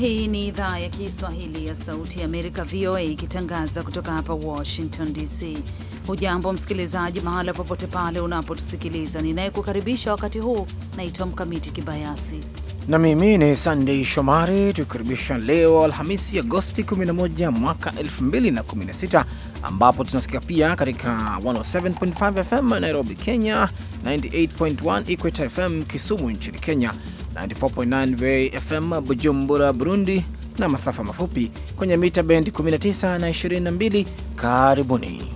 Hii ni idhaa ya Kiswahili ya Sauti ya Amerika, VOA, ikitangaza kutoka hapa Washington DC. Hujambo msikilizaji, mahala popote pale unapotusikiliza. Ninayekukaribisha wakati huu naitwa Mkamiti Kibayasi na mimi ni Sandei Shomari, tukikaribisha leo Alhamisi Agosti 11 mwaka 2016, ambapo tunasikia pia katika 107.5 FM Nairobi, Kenya, 98.1 Equator FM Kisumu nchini Kenya 94.9 VOA FM Bujumbura, Burundi na masafa mafupi kwenye mita bendi 19 na 22. Karibuni.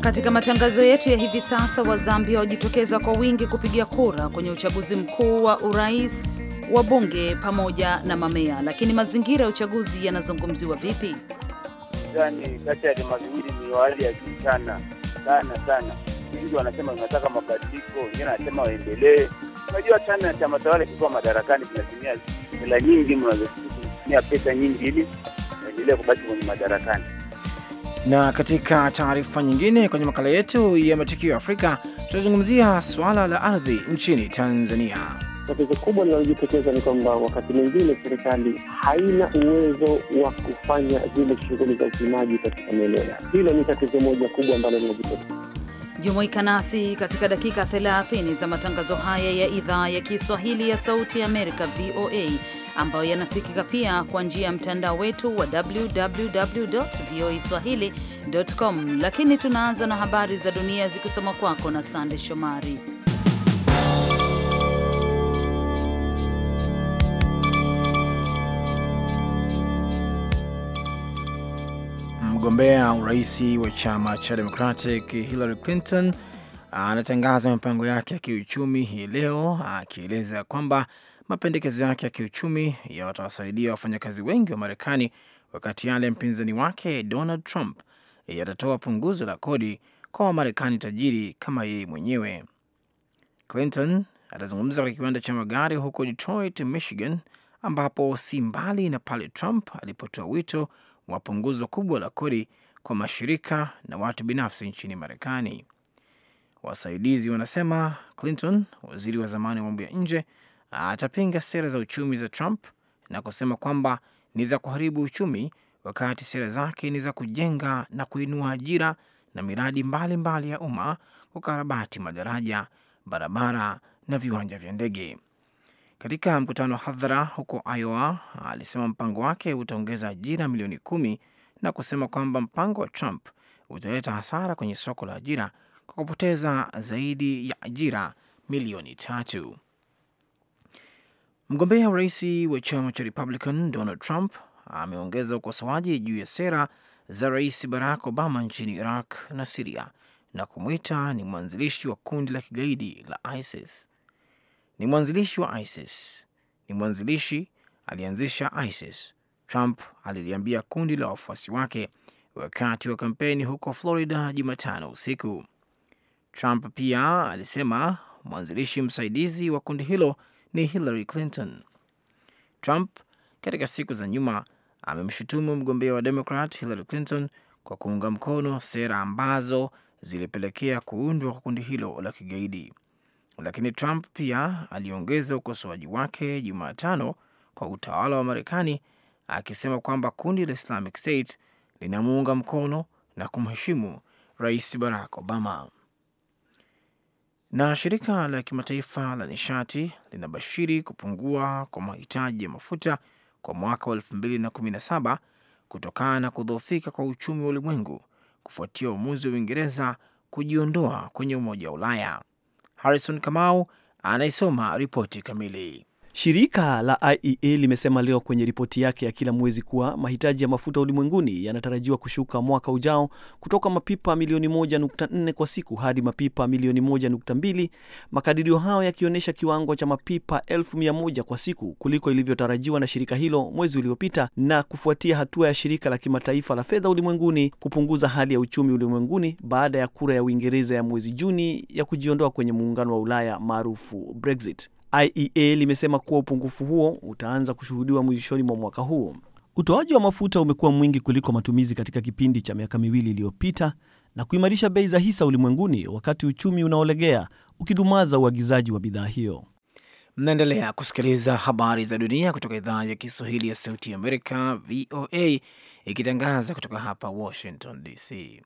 Katika matangazo yetu ya hivi sasa, Wazambia wajitokeza kwa wingi kupiga kura kwenye uchaguzi mkuu wa urais wabunge pamoja na mamea, lakini mazingira ya uchaguzi yanazungumziwa vipi? Yani kati ya mazingira ni wa hali ya juu sana sana sana. Wengi wanasema wanataka mabadiliko, wengine wanasema waendelee. Unajua tena chama tawala kikuwa madarakani kinatumia hela nyingi, mnazotumia pesa nyingi ili waendelee kubaki kwenye madarakani. Na katika taarifa nyingine, kwenye makala yetu ya matukio ya Afrika, tutazungumzia suala la ardhi nchini Tanzania. Tatizo kubwa linalojitokeza ni kwamba wakati mwingine serikali haina uwezo wa kufanya zile shughuli za upimaji katika maeneo ya Hilo ni tatizo moja kubwa ambalo linajitokeza. Jumuika nasi katika dakika 30 za matangazo haya ya idhaa ya Kiswahili ya Sauti ya Amerika, VOA, ambayo yanasikika pia kwa njia ya mtandao wetu wa www voa swahili com. Lakini tunaanza na habari za dunia zikisoma kwako na Sande Shomari. mgombea urais wa chama cha Democratic Hillary Clinton anatangaza mipango yake ya kiuchumi hii leo, akieleza kwamba mapendekezo yake ya kiuchumi yatawasaidia wafanyakazi wengi wa Marekani, wakati yale mpinzani wake Donald Trump yatatoa punguzo la kodi kwa Wamarekani tajiri kama yeye mwenyewe. Clinton atazungumza katika kiwanda cha magari huko Detroit, Michigan, ambapo si mbali na pale Trump alipotoa wito wa punguzo kubwa la kodi kwa mashirika na watu binafsi nchini Marekani. Wasaidizi wanasema Clinton, waziri wa zamani wa mambo ya nje, atapinga sera za uchumi za Trump na kusema kwamba ni za kuharibu uchumi, wakati sera zake ni za kujenga na kuinua ajira na miradi mbalimbali mbali ya umma, kukarabati madaraja, barabara na viwanja vya ndege. Katika mkutano wa hadhara huko Iowa, alisema mpango wake utaongeza ajira milioni kumi na kusema kwamba mpango wa Trump utaleta hasara kwenye soko la ajira kwa kupoteza zaidi ya ajira milioni tatu. Mgombea urais wa chama cha Republican Donald Trump ameongeza ukosoaji juu ya sera za Rais Barack Obama nchini Iraq na Siria na kumwita ni mwanzilishi wa kundi la kigaidi la ISIS ni mwanzilishi wa ISIS, ni mwanzilishi, alianzisha ISIS, Trump aliliambia kundi la wafuasi wake wakati wa kampeni huko Florida Jumatano usiku. Trump pia alisema mwanzilishi msaidizi wa kundi hilo ni Hillary Clinton. Trump katika siku za nyuma amemshutumu mgombea wa Demokrat Hillary Clinton kwa kuunga mkono sera ambazo zilipelekea kuundwa kwa kundi hilo la kigaidi lakini Trump pia aliongeza ukosoaji wake Jumatano kwa utawala wa Marekani akisema kwamba kundi la Islamic State linamuunga mkono na kumheshimu Rais Barack Obama. Na shirika la kimataifa la nishati linabashiri kupungua kwa mahitaji ya mafuta kwa mwaka wa 2017 kutokana na kudhoofika kwa uchumi wa ulimwengu kufuatia uamuzi wa Uingereza kujiondoa kwenye Umoja wa Ulaya. Harrison Kamau anaisoma ripoti kamili. Shirika la IEA limesema leo kwenye ripoti yake ya kila mwezi kuwa mahitaji ya mafuta ulimwenguni yanatarajiwa kushuka mwaka ujao kutoka mapipa milioni 1.4 kwa siku hadi mapipa milioni 1.2, makadirio hayo yakionyesha kiwango cha mapipa 1 kwa siku kuliko ilivyotarajiwa na shirika hilo mwezi uliopita, na kufuatia hatua ya shirika la kimataifa la fedha ulimwenguni kupunguza hali ya uchumi ulimwenguni baada ya kura ya Uingereza ya mwezi Juni ya kujiondoa kwenye muungano wa Ulaya maarufu Brexit. IEA limesema kuwa upungufu huo utaanza kushuhudiwa mwishoni mwa mwaka huo. Utoaji wa mafuta umekuwa mwingi kuliko matumizi katika kipindi cha miaka miwili iliyopita na kuimarisha bei za hisa ulimwenguni, wakati uchumi unaolegea ukidumaza uagizaji wa bidhaa hiyo. Mnaendelea kusikiliza habari za dunia kutoka idhaa ya Kiswahili ya Sauti ya Amerika, VOA, ikitangaza kutoka hapa Washington DC.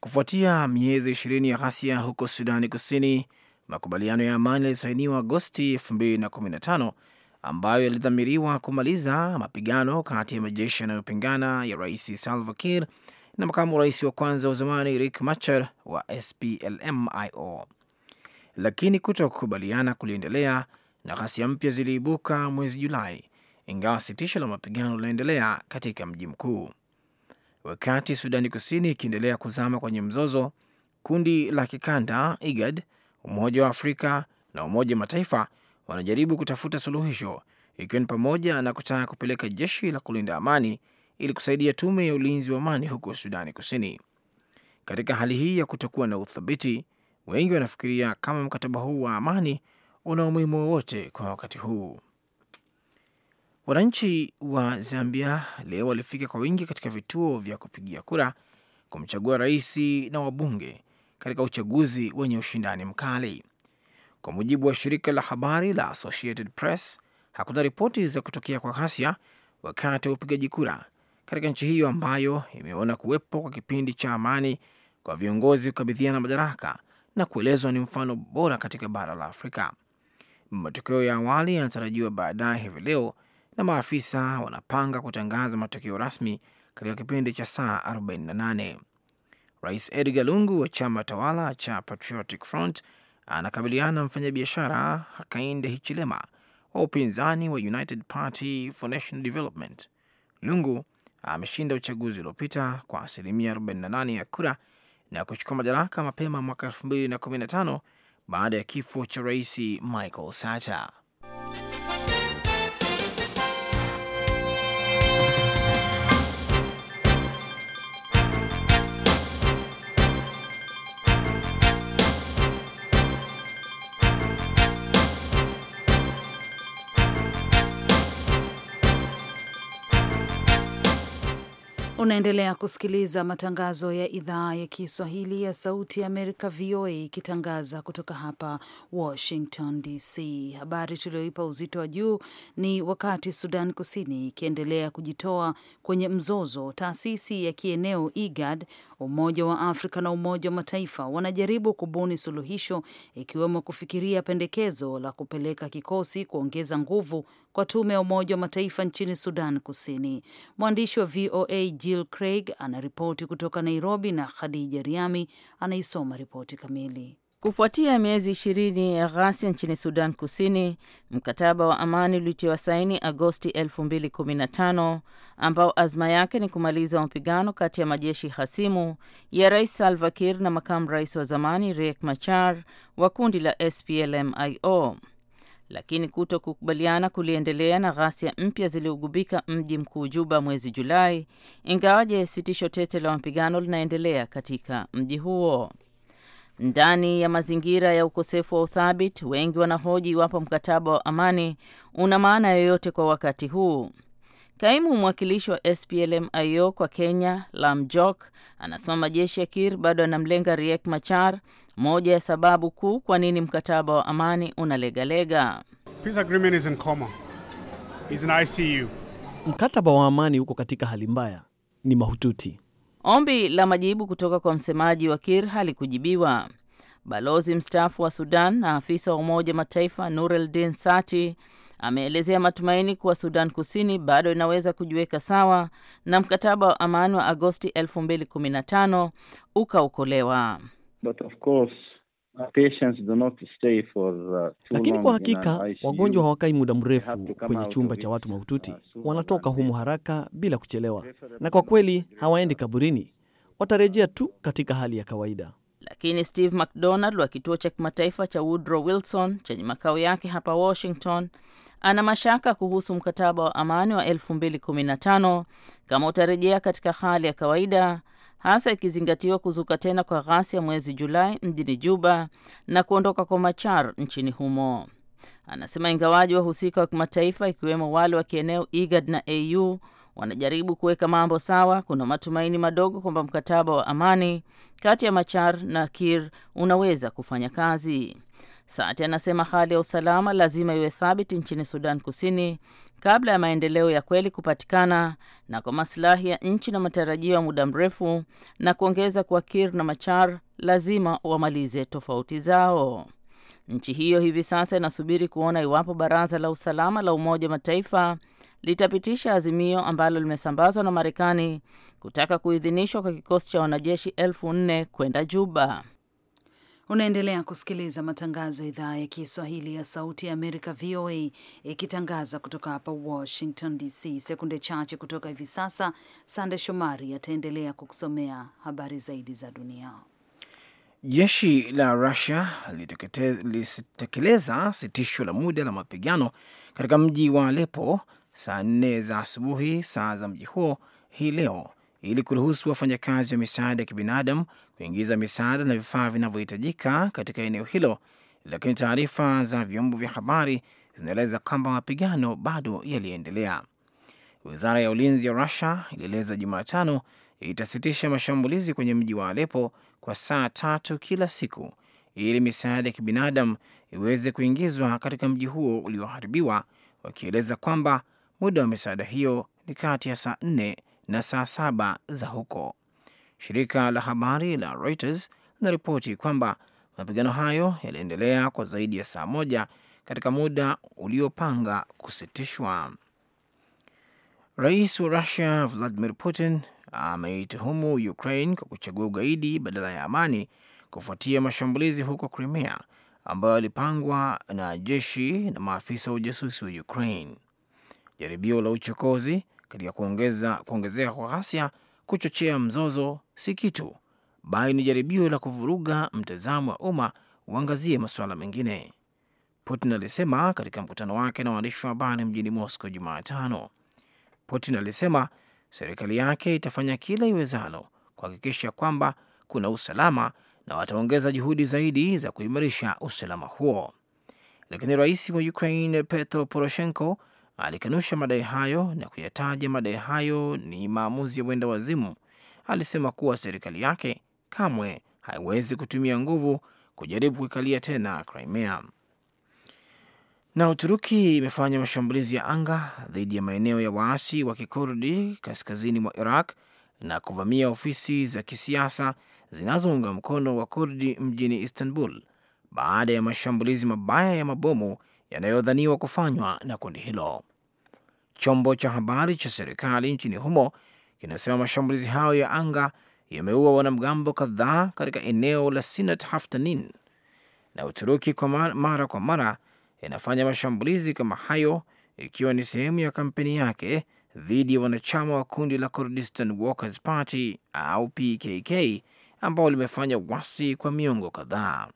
Kufuatia miezi ishirini ya ghasia huko Sudani Kusini, Makubaliano ya amani yalisainiwa Agosti 2015 ambayo yalidhamiriwa kumaliza mapigano kati ya majeshi yanayopingana ya Rais Salva Kiir na makamu rais wa kwanza wa zamani Riek Machar wa splmio lakini kuto kukubaliana kuliendelea na ghasia mpya ziliibuka mwezi Julai, ingawa sitisho la mapigano linaendelea katika mji mkuu. Wakati Sudani Kusini ikiendelea kuzama kwenye mzozo, kundi la kikanda IGAD Umoja wa Afrika na Umoja wa Mataifa wanajaribu kutafuta suluhisho, ikiwa ni pamoja na kutaka kupeleka jeshi la kulinda amani ili kusaidia tume ya ulinzi wa amani huko Sudani Kusini. Katika hali hii ya kutokuwa na uthabiti, wengi wanafikiria kama mkataba huu wa amani una umuhimu wowote kwa wakati huu. Wananchi wa Zambia leo walifika kwa wingi katika vituo vya kupigia kura kumchagua rais na wabunge katika uchaguzi wenye ushindani mkali. Kwa mujibu wa shirika la habari la Associated Press, hakuna ripoti za kutokea kwa ghasia wakati wa upigaji kura katika nchi hiyo ambayo imeona kuwepo kwa kipindi cha amani kwa viongozi kukabidhiana madaraka na kuelezwa ni mfano bora katika bara la Afrika. Matokeo ya awali yanatarajiwa baadaye hivi leo na maafisa wanapanga kutangaza matokeo rasmi katika kipindi cha saa 48. Rais Edgar Lungu wa chama tawala cha Patriotic Front anakabiliana na mfanyabiashara Hakainde Hichilema wa upinzani wa United Party for National Development. Lungu ameshinda uchaguzi uliopita kwa asilimia 48 ya kura na kuchukua madaraka mapema mwaka 2015 baada ya kifo cha rais Michael Sata. Unaendelea kusikiliza matangazo ya idhaa ya Kiswahili ya Sauti ya Amerika, VOA, ikitangaza kutoka hapa Washington DC. Habari tulioipa uzito wa juu ni wakati Sudan Kusini ikiendelea kujitoa kwenye mzozo, taasisi ya kieneo IGAD, Umoja wa Afrika na Umoja wa Mataifa wanajaribu kubuni suluhisho, ikiwemo kufikiria pendekezo la kupeleka kikosi kuongeza nguvu kwa tume ya Umoja wa Mataifa nchini Sudan Kusini. Mwandishi wa VOA Jill Craig anaripoti kutoka Nairobi na Khadija Riami anaisoma ripoti kamili. Kufuatia miezi ishirini ya ghasia nchini Sudan Kusini, mkataba wa amani uliotiwa saini Agosti 2015 ambao azma yake ni kumaliza mapigano kati ya majeshi hasimu ya Rais Salva Kiir na makamu rais wa zamani Riek Machar wa kundi la splmio lakini kuto kukubaliana kuliendelea na ghasia mpya ziliugubika mji mkuu Juba mwezi Julai, ingawaje sitisho tete la mapigano linaendelea katika mji huo. Ndani ya mazingira ya ukosefu wa uthabiti, wengi wanahoji iwapo mkataba wa amani una maana yoyote kwa wakati huu. Kaimu mwakilishi wa SPLM-IO kwa Kenya, Lam Jok, anasema majeshi ya Kir bado yanamlenga Riek Machar moja ya sababu kuu kwa nini mkataba wa amani unalegalega. Mkataba wa amani uko katika hali mbaya, ni mahututi. Ombi la majibu kutoka kwa msemaji wa Kir halikujibiwa. Balozi mstaafu wa Sudan na afisa wa Umoja Mataifa Nureldin Sati ameelezea matumaini kuwa Sudan Kusini bado inaweza kujiweka sawa na mkataba wa amani wa Agosti 2015 ukaokolewa. But of course, uh, lakini kwa hakika wagonjwa hawakai muda mrefu kwenye chumba cha watu uh, mahututi. Wanatoka humu haraka bila kuchelewa, na kwa kweli hawaendi kaburini, watarejea tu katika hali ya kawaida. Lakini Steve McDonald wa kituo cha kimataifa cha Woodrow Wilson chenye makao yake hapa Washington ana mashaka kuhusu mkataba wa amani wa 2015 kama utarejea katika hali ya kawaida hasa ikizingatiwa kuzuka tena kwa ghasia mwezi Julai mjini Juba na kuondoka kwa Machar nchini humo. Anasema ingawaji wahusika wa kimataifa ikiwemo wale wa kieneo IGAD na AU wanajaribu kuweka mambo sawa, kuna matumaini madogo kwamba mkataba wa amani kati ya Machar na Kir unaweza kufanya kazi. sati anasema hali ya usalama lazima iwe thabiti nchini Sudan Kusini kabla ya maendeleo ya kweli kupatikana na kwa masilahi ya nchi na matarajio ya muda mrefu, na kuongeza kuwa Kir na Machar lazima wamalize tofauti zao. Nchi hiyo hivi sasa inasubiri kuona iwapo Baraza la Usalama la Umoja wa Mataifa litapitisha azimio ambalo limesambazwa na Marekani kutaka kuidhinishwa kwa kikosi cha wanajeshi elfu nne kwenda Juba. Unaendelea kusikiliza matangazo ya idhaa ya Kiswahili ya Sauti ya Amerika, VOA, ikitangaza kutoka hapa Washington DC. Sekunde chache kutoka hivi sasa, Sande Shomari ataendelea kukusomea habari zaidi za dunia. Jeshi la Rusia lilitekeleza sitisho la muda la mapigano katika mji wa Alepo saa nne za asubuhi saa za mji huo hii leo ili kuruhusu wafanyakazi wa misaada ya kibinadamu kuingiza misaada na vifaa vinavyohitajika katika eneo hilo, lakini taarifa za vyombo vya habari zinaeleza kwamba mapigano bado yaliendelea. Wizara ya ulinzi ya Rusia ilieleza Jumatano itasitisha mashambulizi kwenye mji wa Alepo kwa saa tatu kila siku ili misaada ya kibinadamu iweze kuingizwa katika mji huo ulioharibiwa, wakieleza kwamba muda wa misaada hiyo ni kati ya saa nne na saa saba za huko. Shirika la habari la Reuters linaripoti kwamba mapigano hayo yaliendelea kwa zaidi ya saa moja katika muda uliopanga kusitishwa. Rais wa Russia Vladimir Putin ameituhumu Ukraine kwa kuchagua ugaidi badala ya amani kufuatia mashambulizi huko Crimea ambayo yalipangwa na jeshi na maafisa wa ujasusi wa Ukraine. Jaribio la uchokozi katika kuongeza kuongezeka kwa ghasia, kuchochea mzozo si kitu, bali ni jaribio la kuvuruga mtazamo wa umma uangazie masuala mengine, Putin alisema katika mkutano wake na waandishi wa habari mjini Moscow Jumatano. Putin alisema serikali yake itafanya kila iwezalo kuhakikisha kwamba kuna usalama na wataongeza juhudi zaidi za kuimarisha usalama huo, lakini rais wa Ukraine Petro Poroshenko alikanusha madai hayo na kuyataja madai hayo ni maamuzi ya wenda wazimu. Alisema kuwa serikali yake kamwe haiwezi kutumia nguvu kujaribu kuikalia tena Crimea. Na Uturuki imefanya mashambulizi ya anga dhidi ya maeneo ya waasi wa Kikurdi kaskazini mwa Iraq na kuvamia ofisi za kisiasa zinazounga mkono wa Kurdi mjini Istanbul baada ya mashambulizi mabaya ya mabomu yanayodhaniwa kufanywa na kundi hilo. Chombo cha habari cha serikali nchini humo kinasema mashambulizi hayo ya anga yameua wanamgambo kadhaa katika eneo la Sinat Haftanin, na Uturuki kwa mara kwa mara inafanya mashambulizi kama hayo ikiwa ni sehemu ya kampeni yake dhidi ya wanachama wa kundi la Kurdistan Workers Party au PKK ambao limefanya wasi kwa miongo kadhaa.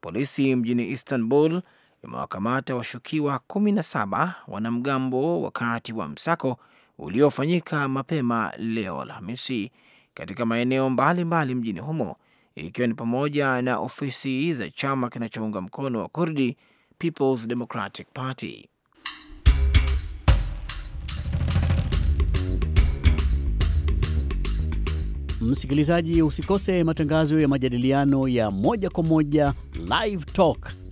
Polisi mjini Istanbul imewakamata washukiwa kumi na saba wanamgambo wakati wa msako uliofanyika mapema leo Alhamisi katika maeneo mbalimbali mbali mjini humo ikiwa ni pamoja na ofisi za chama kinachounga mkono wa Kurdi People's Democratic Party. Msikilizaji, usikose matangazo ya majadiliano ya moja kwa moja Live Talk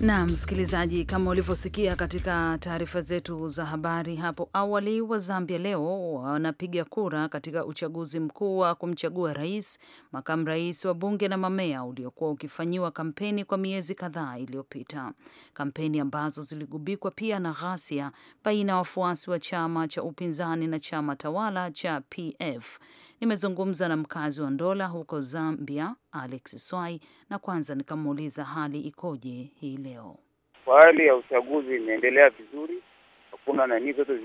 Na msikilizaji, kama ulivyosikia katika taarifa zetu za habari hapo awali, wa Zambia leo wanapiga kura katika uchaguzi mkuu wa kumchagua rais, makamu rais, wa bunge na mamea uliokuwa ukifanyiwa kampeni kwa miezi kadhaa iliyopita, kampeni ambazo ziligubikwa pia na ghasia baina ya wafuasi wa chama cha upinzani na chama tawala cha PF. Nimezungumza na mkazi wa Ndola huko Zambia, Alex Swai, na kwanza nikamuuliza hali ikoje hii leo. Kwa hali ya uchaguzi imeendelea vizuri, hakuna nani, zote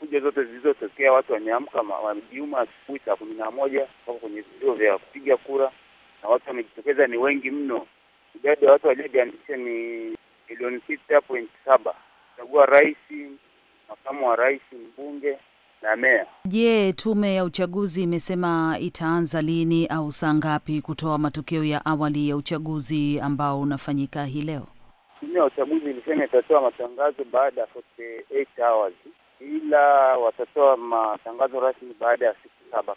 kuja zote zilizotokea, watu wameamka wamejiuma asubuhi saa kumi na moja wako kwenye vituo vya kupiga kura na watu wamejitokeza ni wengi mno. Idadi ya watu waliojiandikisha ni milioni sita point saba chagua rais, makamu wa rais, mbunge na meya. Je, tume ya uchaguzi imesema itaanza lini au saa ngapi kutoa matokeo ya awali ya uchaguzi ambao unafanyika hii leo? Tume ya uchaguzi ilisema itatoa matangazo baada ya 48 hours, ila watatoa matangazo rasmi baada ya siku saba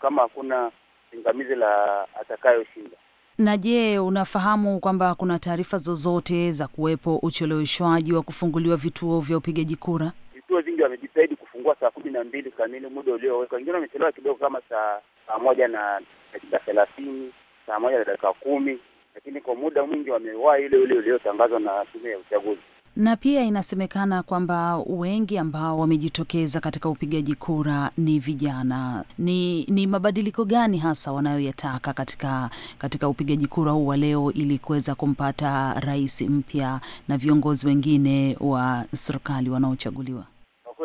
kama hakuna pingamizi la atakayoshinda. Na je, unafahamu kwamba kuna taarifa zozote za kuwepo ucheleweshwaji wa kufunguliwa vituo vya upigaji kura? Vituo vingi wamejitahidi kufungua saa kumi na mbili kamili muda uliowekwa. Wengine wamechelewa kidogo kama saa saa moja na dakika thelathini, saa moja na dakika kumi, lakini kwa muda mwingi wamewahi ile ule uliotangazwa na tume ya uchaguzi. Na pia inasemekana kwamba wengi ambao wamejitokeza katika upigaji kura ni vijana. Ni ni mabadiliko gani hasa wanayoyataka katika katika upigaji kura huu wa leo ili kuweza kumpata rais mpya na viongozi wengine wa serikali wanaochaguliwa?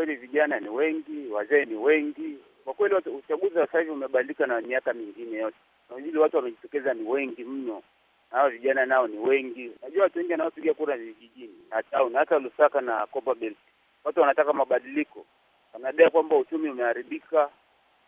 kweli vijana ni wengi, wazee ni wengi. Kwa kweli uchaguzi wa sasa hivi umebadilika na miaka mingine yote, na vile watu wamejitokeza ni wengi mno, na hao vijana nao ni wengi. Najua watu wengi wanaopiga kura ni vijijini na town, hata Lusaka na Copperbelt. Watu wanataka mabadiliko, wanadai kwamba uchumi umeharibika,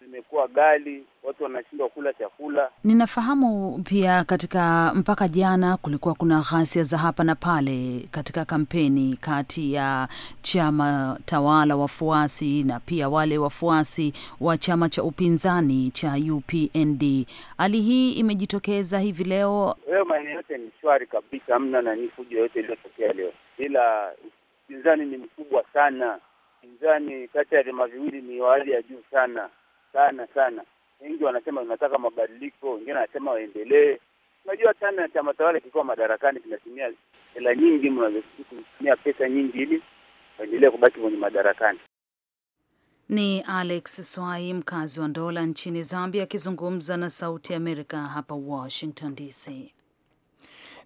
zimekuwa ghali, watu wanashindwa kula chakula. Ninafahamu pia katika mpaka jana kulikuwa kuna ghasia za hapa na pale katika kampeni kati ya chama tawala wafuasi na pia wale wafuasi wa chama cha upinzani cha UPND. Hali hii imejitokeza hivi leo. Leo maeneo yote ni shwari kabisa, hamna nani fujo yote iliyotokea leo, ila upinzani ni mkubwa sana. Upinzani kati ya vyama viwili ni wa hali ya juu sana sana sana. Wengi wanasema tunataka mabadiliko, wengine wanasema waendelee. Unajua sana chama tawala kikuwa madarakani kinatumia hela nyingi, mnatumia pesa nyingi ili waendelee kubaki kwenye madarakani. Ni Alex Swai, mkazi wa Ndola nchini Zambia, akizungumza na Sauti ya Amerika hapa Washington DC.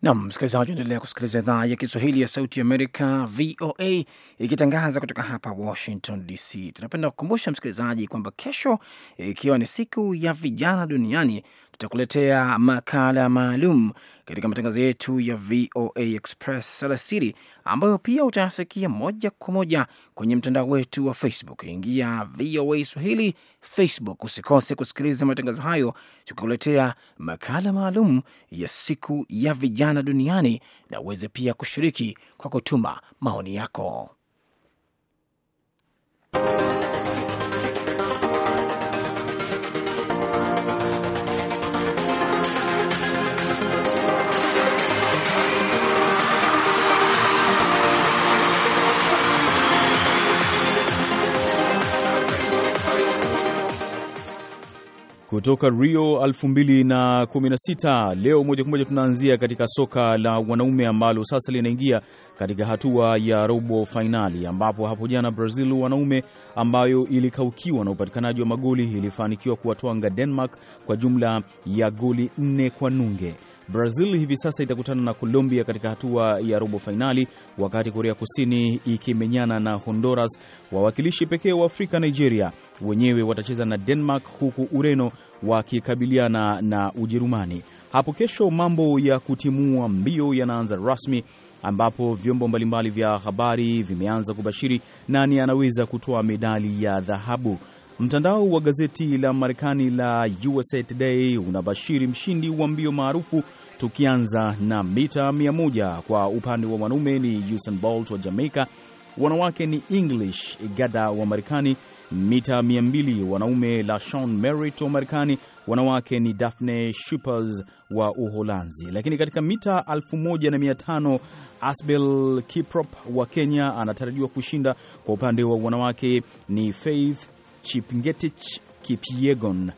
Nam msikilizaji, unaendelea kusikiliza idhaa ya Kiswahili ya Sauti ya Amerika, VOA, ikitangaza kutoka hapa Washington DC. Tunapenda kukumbusha msikilizaji kwamba kesho, ikiwa ni siku ya vijana duniani, tutakuletea makala maalum katika matangazo yetu ya VOA Express alasiri, ambayo pia utayasikia moja kwa moja kwenye mtandao wetu wa Facebook. Ingia VOA Swahili Facebook, usikose kusikiliza matangazo hayo, tukikuletea makala maalum ya siku ya vijana duniani, na uweze pia kushiriki kwa kutuma maoni yako. kutoka Rio 2016. Leo moja kwa moja tunaanzia katika soka la wanaume ambalo sasa linaingia katika hatua ya robo fainali, ambapo hapo jana Brazil wanaume ambayo ilikaukiwa na upatikanaji wa magoli ilifanikiwa kuwatwanga Denmark kwa jumla ya goli nne kwa nunge. Brazil hivi sasa itakutana na Colombia katika hatua ya robo fainali, wakati Korea Kusini ikimenyana na Honduras. Wawakilishi pekee wa Afrika, Nigeria, wenyewe watacheza na Denmark, huku Ureno wakikabiliana na Ujerumani. Hapo kesho mambo ya kutimua mbio yanaanza rasmi ambapo vyombo mbalimbali vya habari vimeanza kubashiri nani anaweza kutoa medali ya dhahabu. Mtandao wa gazeti la Marekani la USA Today unabashiri mshindi wa mbio maarufu tukianza na mita 100 kwa upande wa wanaume ni Usain Bolt wa Jamaica, wanawake ni English Gada wa Marekani, mita 200 wanaume Lashon Merritt wa Marekani, wanawake ni Daphne Schippers wa Uholanzi. Lakini katika mita 1500 Asbel Kiprop wa Kenya anatarajiwa kushinda. Kwa upande wa wanawake ni Faith Chipngetich Kipyegon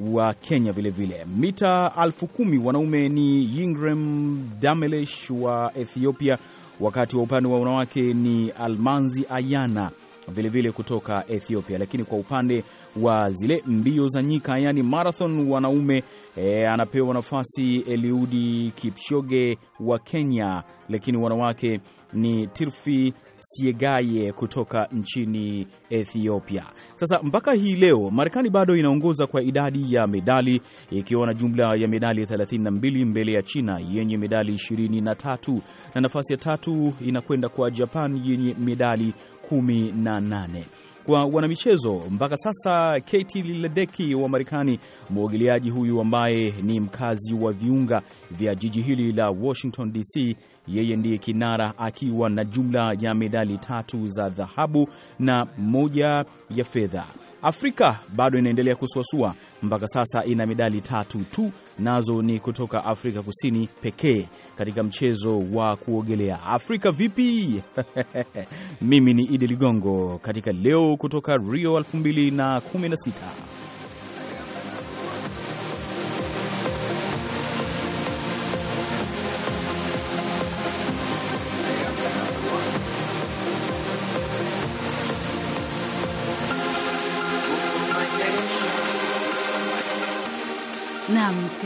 wa Kenya vilevile vile. Mita elfu kumi wanaume ni Yingrem Damelesh wa Ethiopia, wakati wa upande wa wanawake ni Almanzi Ayana vilevile vile kutoka Ethiopia. Lakini kwa upande wa zile mbio za nyika, yani marathon wanaume E, anapewa nafasi Eliudi Kipchoge wa Kenya, lakini wanawake ni Tirfi Siegaye kutoka nchini Ethiopia. Sasa mpaka hii leo Marekani bado inaongoza kwa idadi ya medali ikiwa na jumla ya medali 32 mbele ya China yenye medali 23 na nafasi ya tatu inakwenda kwa Japan yenye medali 18 kwa wanamichezo mpaka sasa. Katie ledeki wa Marekani, mwogeleaji huyu ambaye ni mkazi wa viunga vya jiji hili la Washington DC, yeye ndiye kinara akiwa na jumla ya medali tatu za dhahabu na moja ya fedha. Afrika bado inaendelea kusuasua, mpaka sasa ina medali tatu tu, nazo ni kutoka Afrika Kusini pekee katika mchezo wa kuogelea. Afrika vipi? Mimi ni Idi Ligongo katika leo kutoka Rio 2016.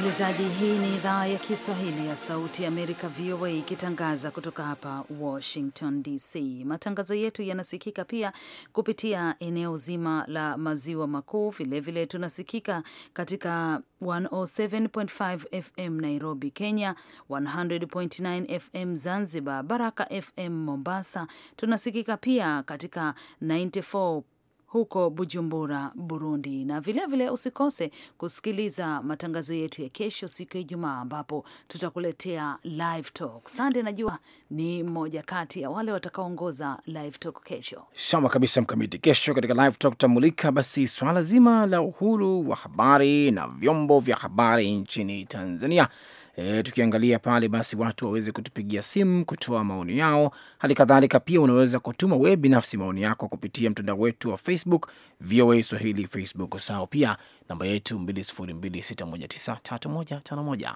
Msikilizaji, hii ni idhaa ya Kiswahili ya Sauti ya Amerika, VOA, ikitangaza kutoka hapa Washington DC. Matangazo yetu yanasikika pia kupitia eneo zima la maziwa makuu. Vilevile tunasikika katika 107.5 FM Nairobi, Kenya, 100.9 FM Zanzibar, Baraka FM Mombasa. Tunasikika pia katika 94 huko Bujumbura, Burundi. Na vilevile vile usikose kusikiliza matangazo yetu ya kesho, siku ya Ijumaa, ambapo tutakuletea live talk. Sande, najua ni mmoja kati ya wale watakaoongoza live talk kesho. Sawa kabisa, Mkamiti. Kesho katika live talk tutamulika basi swala zima la uhuru wa habari na vyombo vya habari nchini Tanzania e, tukiangalia pale basi watu waweze kutupigia simu kutoa maoni yao. Hali kadhalika pia unaweza kutuma wewe binafsi maoni yako kupitia mtandao wetu wa Facebook VOA Swahili Facebook, sao Pia namba yetu 2026193151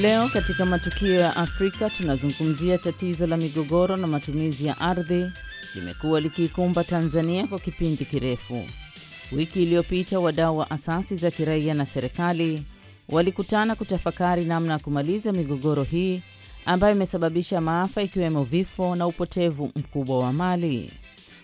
Leo katika matukio ya Afrika tunazungumzia tatizo la migogoro na matumizi ya ardhi limekuwa likiikumba Tanzania kwa kipindi kirefu. Wiki iliyopita wadau wa asasi za kiraia na serikali walikutana kutafakari namna ya kumaliza migogoro hii ambayo imesababisha maafa ikiwemo vifo na upotevu mkubwa wa mali.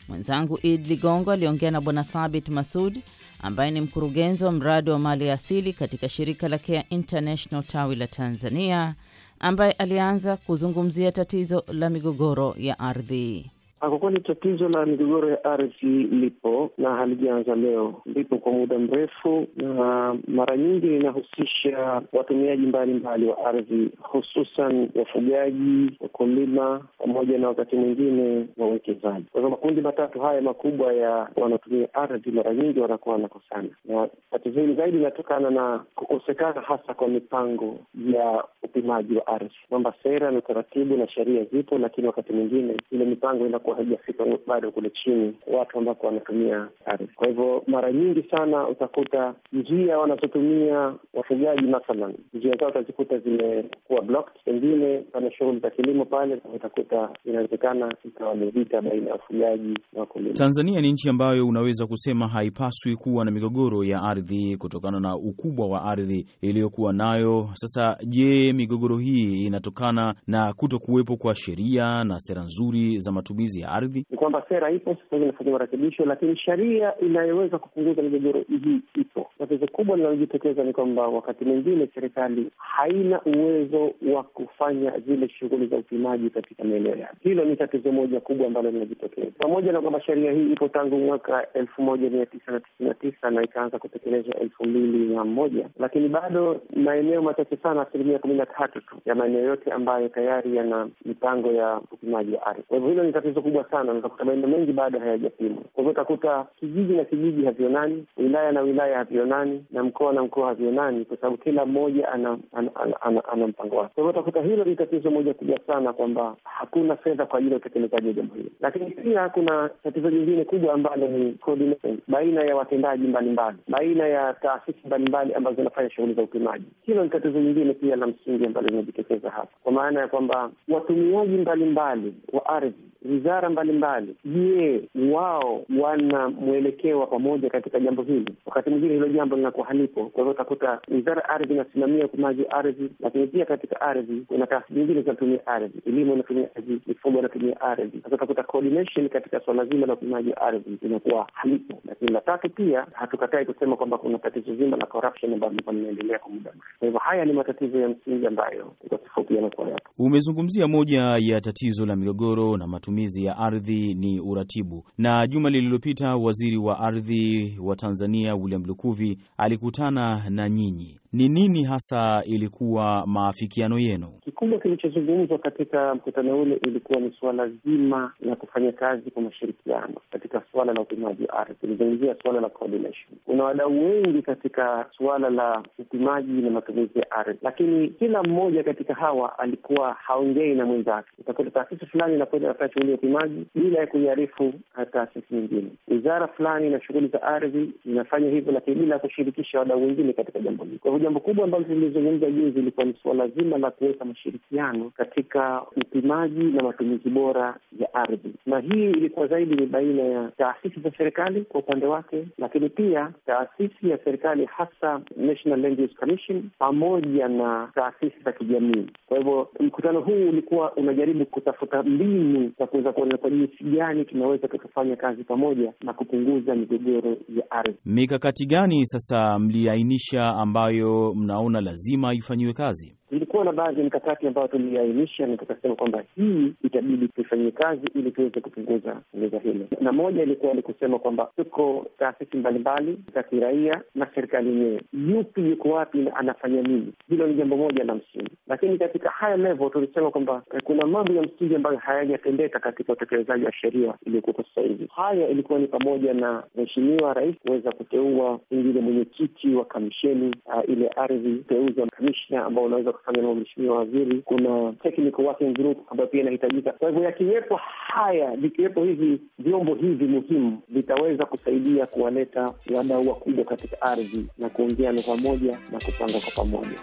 Mwenzangu Id Ligongo aliongea na Bwana Thabit Masud ambaye ni mkurugenzi wa mradi wa mali asili katika shirika la Care International tawi la Tanzania, ambaye alianza kuzungumzia tatizo la migogoro ya ardhi. Ah, kwa kweli tatizo la migogoro ya ardhi lipo na halijaanza leo, lipo kwa muda mrefu, na mara nyingi linahusisha watumiaji mbalimbali wa ardhi, hususan wafugaji, wakulima, pamoja na wakati mwingine wawekezaji. Kwa hivyo makundi matatu haya makubwa ya wanaotumia ardhi mara nyingi wanakuwa wanakosana, na tatizo hili zaidi linatokana na kukosekana hasa kwa mipango ya upimaji wa ardhi, kwamba sera na utaratibu na sheria zipo, lakini wakati mwingine ile mipango ina ambapo haijafika bado kule chini, watu ambako wanatumia ardhi. Kwa hivyo mara nyingi sana utakuta njia wanazotumia wafugaji, mathalan njia zao utazikuta zimekuwa blocked, pengine pana shughuli za kilimo pale, utakuta inawezekana ikawa ni vita baina ya wafugaji na wakulima. Tanzania ni nchi ambayo unaweza kusema haipaswi kuwa na migogoro ya ardhi kutokana na ukubwa wa ardhi iliyokuwa nayo. Sasa je, migogoro hii inatokana na kuto kuwepo kwa sheria na sera nzuri za matumizi matumizi ya ardhi? Ni kwamba sera ipo, sasa hivi inafanya marekebisho, lakini sheria inayoweza kupunguza migogoro hii ipo. Tatizo kubwa linalojitokeza ni kwamba wakati mwingine serikali haina uwezo wa kufanya zile shughuli za upimaji katika maeneo yake. Hilo ni tatizo moja kubwa ambalo linajitokeza, pamoja na kwamba sheria hii ipo tangu mwaka elfu moja mia tisa na tisini na tisa na ikaanza kutekelezwa elfu mbili na moja lakini bado maeneo machache sana, asilimia kumi na tatu tu ya maeneo yote ambayo tayari yana mipango ya upimaji wa ardhi. Kwa hivyo hilo ni tatizo kubwa sana, utakuta maeneo mengi bado hayajapimwa. Kwa hivyo utakuta kijiji na kijiji havionani, wilaya na wilaya havionani, na mkoa na mkoa havionani, kwa sababu kila mmoja ana, ana, ana, ana, ana mpango wake. Kwa hivyo utakuta hilo ni tatizo moja kubwa sana, kwamba hakuna fedha kwa ajili ya utekelezaji wa jambo hilo. Lakini pia kuna tatizo jingine kubwa ambalo ni coordination baina ya watendaji mbalimbali, baina ya taasisi mbalimbali ambazo zinafanya shughuli za upimaji. Hilo ni tatizo jingine pia la msingi ambalo linajitokeza hapa, kwa maana ya kwamba watumiaji mbalimbali wa ardhi, wizara wizara mbalimbali, je, wao wana mwelekeo wa pamoja katika jambo hili? Wakati mwingine hilo jambo linakuwa halipo. Kwa hivyo utakuta wizara ya ardhi inasimamia kumaji ardhi, lakini pia katika ardhi kuna taasisi nyingine zinatumia ardhi, elimu inatumia ardhi, mifugo inatumia ardhi. Sasa utakuta coordination katika suala zima la upimaji ardhi inakuwa halipo. Lakini la tatu pia hatukatai kusema kwamba kuna tatizo zima la corruption ambayo limekuwa linaendelea kwa muda mrefu. Kwa hivyo haya ni matatizo ya msingi ambayo kwa kifupi yanakuwa yapo. Umezungumzia moja ya tatizo la migogoro na matumizi ya ardhi ni uratibu. Na juma lililopita, waziri wa ardhi wa Tanzania William Lukuvi alikutana na nyinyi ni nini hasa ilikuwa maafikiano yenu? Kikubwa kilichozungumzwa katika mkutano ule ilikuwa ni suala zima la kufanya kazi kwa mashirikiano katika suala la upimaji wa ardhi. Ilizungumzia suala la coordination. Kuna wadau wengi katika suala la upimaji na matumizi ya ardhi, lakini kila mmoja katika hawa alikuwa haongei na mwenzake. Utakuta taasisi fulani inakwenda inafanya shughuli ya upimaji bila ya kuiarifu taasisi nyingine. Wizara fulani na shughuli za ardhi inafanya hivyo, lakini bila ya kushirikisha wadau wengine katika jambo hili sababu jambo kubwa ambalo tulizungumza juzi ilikuwa ni suala zima la kuweka mashirikiano katika upimaji na matumizi bora ya ardhi, na hii ilikuwa zaidi ni baina ya taasisi za serikali kwa upande wake, lakini pia taasisi ya serikali hasa National Land Use Commission pamoja na taasisi za kijamii. Kwa hivyo mkutano huu ulikuwa unajaribu kutafuta mbinu za kuweza kuona kwa jinsi gani tunaweza tukafanya kazi pamoja na kupunguza migogoro ya ardhi. Mikakati gani sasa mliainisha ambayo ambayo mnaona lazima ifanyiwe kazi? Tulikuwa na baadhi ya mikakati ambayo tuliainisha na tukasema kwamba hii itabidi tuifanyie kazi ili tuweze kupunguza ongeza hilo, na moja ilikuwa ni kusema kwamba tuko taasisi mbalimbali za kiraia na serikali yenyewe, yupi yuko wapi na anafanya nini? Hilo ni jambo moja la msingi, lakini katika haya level tulisema kwamba eh, kuna mambo ya msingi ambayo hayajatendeka katika utekelezaji wa sheria iliyokuwepo sasa hivi. Haya ilikuwa ni pamoja na Mheshimiwa Rais kuweza kuteua pengine mwenyekiti wa kamisheni uh, ile ardhi, uteuzi wa kamishna ambao unaweza kufanywa na mheshimiwa waziri. Kuna technical working group ambayo pia inahitajika. Kwa hivyo yakiwepo haya, vikiwepo hivi vyombo hivi muhimu, vitaweza kusaidia kuwaleta wadau wakubwa katika ardhi na kuongea lugha moja na kupanga kwa pamoja.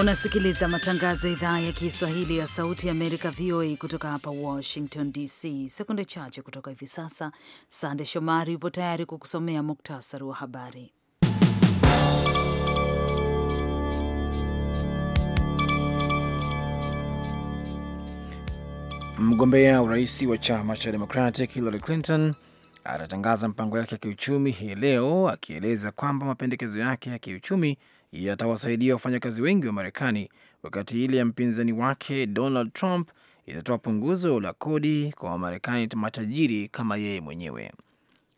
Unasikiliza matangazo ya idhaa ya Kiswahili ya Sauti ya Amerika, VOA, kutoka hapa Washington DC. Sekunde chache kutoka hivi sasa, Sande Shomari yupo tayari kukusomea muktasari wa habari. Mgombea urais wa chama cha Democratic Hillary Clinton atatangaza mpango yake ya kiuchumi hii leo, akieleza kwamba mapendekezo yake ya kiuchumi yatawasaidia wafanyakazi wengi wa Marekani, wakati ile ya mpinzani wake Donald Trump itatoa punguzo la kodi kwa Wamarekani matajiri kama yeye mwenyewe.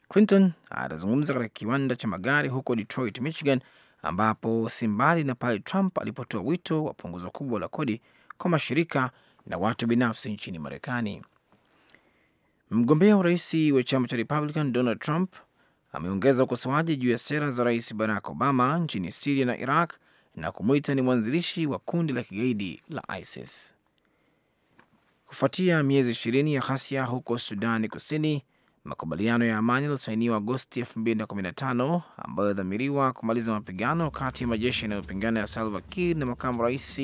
Clinton atazungumza katika kiwanda cha magari huko Detroit, Michigan, ambapo si mbali na pale Trump alipotoa wito wa punguzo kubwa la kodi kwa mashirika na watu binafsi nchini Marekani. Mgombea urais wa chama cha Republican Donald Trump ameongeza ukosoaji juu ya sera za Rais Barack Obama nchini Siria na Iraq na kumwita ni mwanzilishi wa kundi la kigaidi la ISIS. Kufuatia miezi ishirini ya ghasia huko Sudani Kusini, makubaliano ya amani yaliyosainiwa Agosti 2015 ambayo yadhamiriwa kumaliza mapigano kati ya majeshi yanayopingana ya Salva Kiir na makamu rais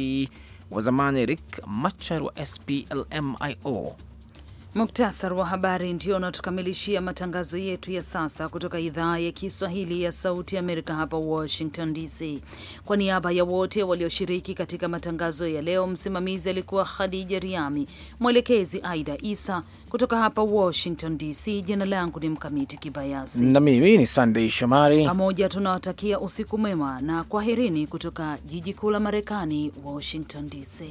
wa zamani rik Machar wa SPLMIO Muktasar wa habari ndio unatukamilishia matangazo yetu ya sasa kutoka idhaa ya Kiswahili ya Sauti Amerika hapa Washington DC. Kwa niaba ya wote walioshiriki katika matangazo ya leo, msimamizi alikuwa Khadija Riami, mwelekezi Aida Isa. Kutoka hapa Washington DC, jina langu ni Mkamiti Kibayasi na mimi ni Sandei Shomari. Pamoja tunawatakia usiku mwema na kwaherini kutoka jiji kuu la Marekani, Washington DC.